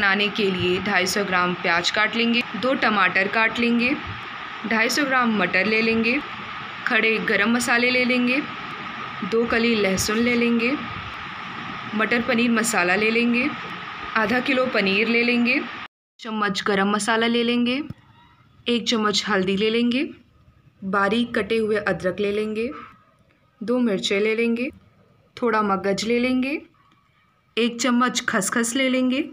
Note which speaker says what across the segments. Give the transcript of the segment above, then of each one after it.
Speaker 1: बनाने के लिए 250 ग्राम प्याज काट लेंगे दो टमाटर काट लेंगे 250 ग्राम मटर ले लेंगे खड़े गरम मसाले ले लेंगे दो कली लहसुन ले लेंगे मटर पनीर मसाला ले लेंगे आधा किलो पनीर ले लेंगे चम्मच गरम मसाला ले लेंगे एक चम्मच हल्दी ले लेंगे बारीक कटे हुए अदरक ले लेंगे दो मिर्चें ले लेंगे थोड़ा मगज ले लेंगे एक चम्मच खसखस ले लेंगे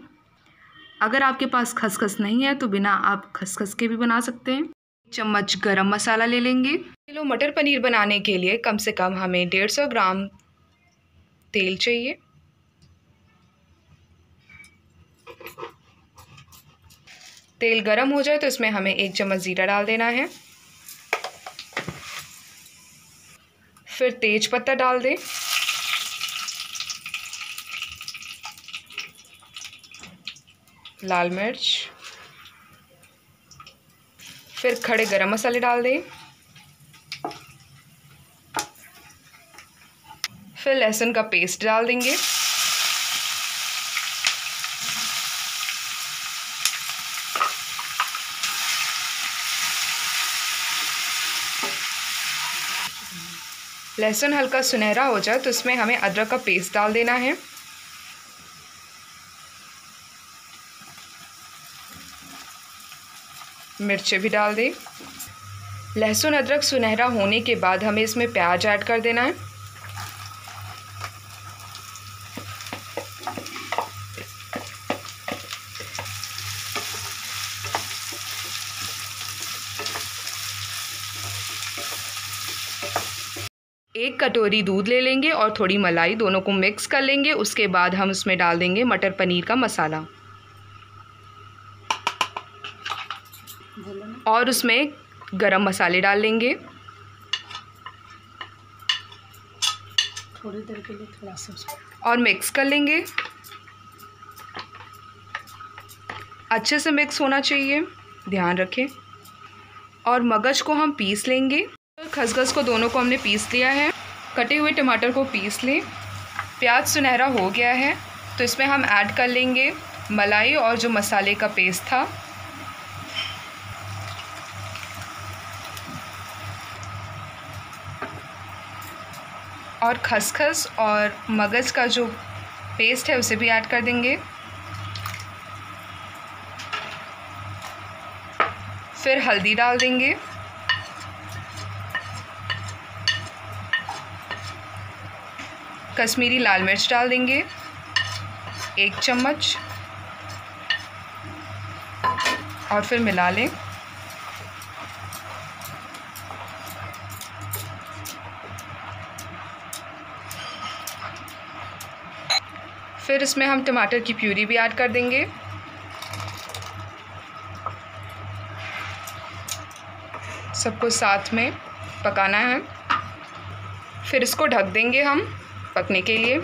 Speaker 1: अगर आपके पास खसखस नहीं है तो बिना आप खसखस के भी बना सकते हैं चम्मच गरम मसाला ले लेंगे किलो मटर पनीर बनाने के लिए कम से कम हमें डेढ़ सौ ग्राम तेल चाहिए तेल गरम हो जाए तो इसमें हमें एक चम्मच ज़ीरा डाल देना है फिर तेज पत्ता डाल दें लाल मिर्च फिर खड़े गरम मसाले डाल दें फिर लहसुन का पेस्ट डाल देंगे लहसुन हल्का सुनहरा हो जाए तो उसमें हमें अदरक का पेस्ट डाल देना है मिर्चें भी डाल दें लहसुन अदरक सुनहरा होने के बाद हमें इसमें प्याज ऐड कर देना है एक कटोरी दूध ले लेंगे और थोड़ी मलाई दोनों को मिक्स कर लेंगे उसके बाद हम उसमें डाल देंगे मटर पनीर का मसाला और उसमें गरम मसाले डाल लेंगे थोड़ी देर के लिए थोड़ा सा और मिक्स कर लेंगे अच्छे से मिक्स होना चाहिए ध्यान रखें और मगज को हम पीस लेंगे खसखस को दोनों को हमने पीस लिया है कटे हुए टमाटर को पीस लें प्याज सुनहरा हो गया है तो इसमें हम ऐड कर लेंगे मलाई और जो मसाले का पेस्ट था और खसखस और मगज़ का जो पेस्ट है उसे भी ऐड कर देंगे फिर हल्दी डाल देंगे कश्मीरी लाल मिर्च डाल देंगे एक चम्मच और फिर मिला लें फिर इसमें हम टमाटर की प्यूरी भी ऐड कर देंगे सबको साथ में पकाना है फिर इसको ढक देंगे हम पकने के लिए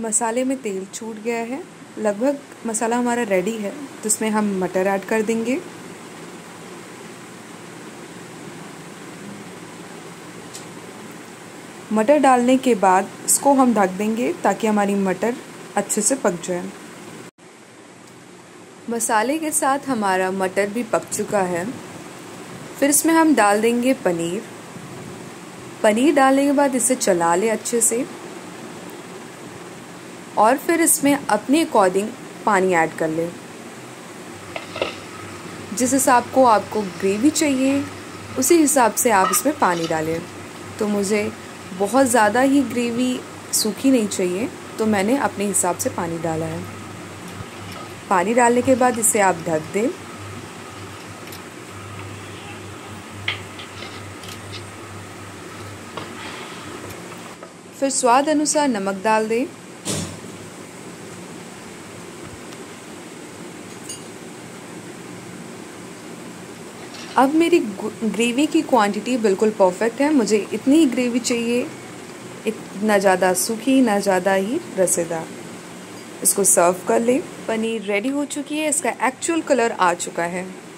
Speaker 1: मसाले में तेल छूट गया है लगभग मसाला हमारा रेडी है तो इसमें हम मटर ऐड कर देंगे मटर डालने के बाद इसको हम ढक देंगे ताकि हमारी मटर अच्छे से पक जाए मसाले के साथ हमारा मटर भी पक चुका है फिर इसमें हम डाल देंगे पनीर पनीर डालने के बाद इसे चला ले अच्छे से और फिर इसमें अपने अकॉर्डिंग पानी ऐड कर ले जिस हिसाब को आपको ग्रेवी चाहिए उसी हिसाब से आप इसमें पानी डालें तो मुझे बहुत ज़्यादा ही ग्रेवी सूखी नहीं चाहिए तो मैंने अपने हिसाब से पानी डाला है पानी डालने के बाद इसे आप ढक दें फिर स्वाद अनुसार नमक डाल दें अब मेरी ग्रेवी की क्वांटिटी बिल्कुल परफेक्ट है मुझे इतनी ही ग्रेवी चाहिए इतना ज़्यादा सूखी ना ज़्यादा ही रसेदार इसको सर्व कर लें पनीर रेडी हो चुकी है इसका एक्चुअल कलर आ चुका है